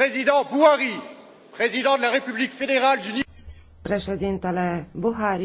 Buhari, Președintele Buhari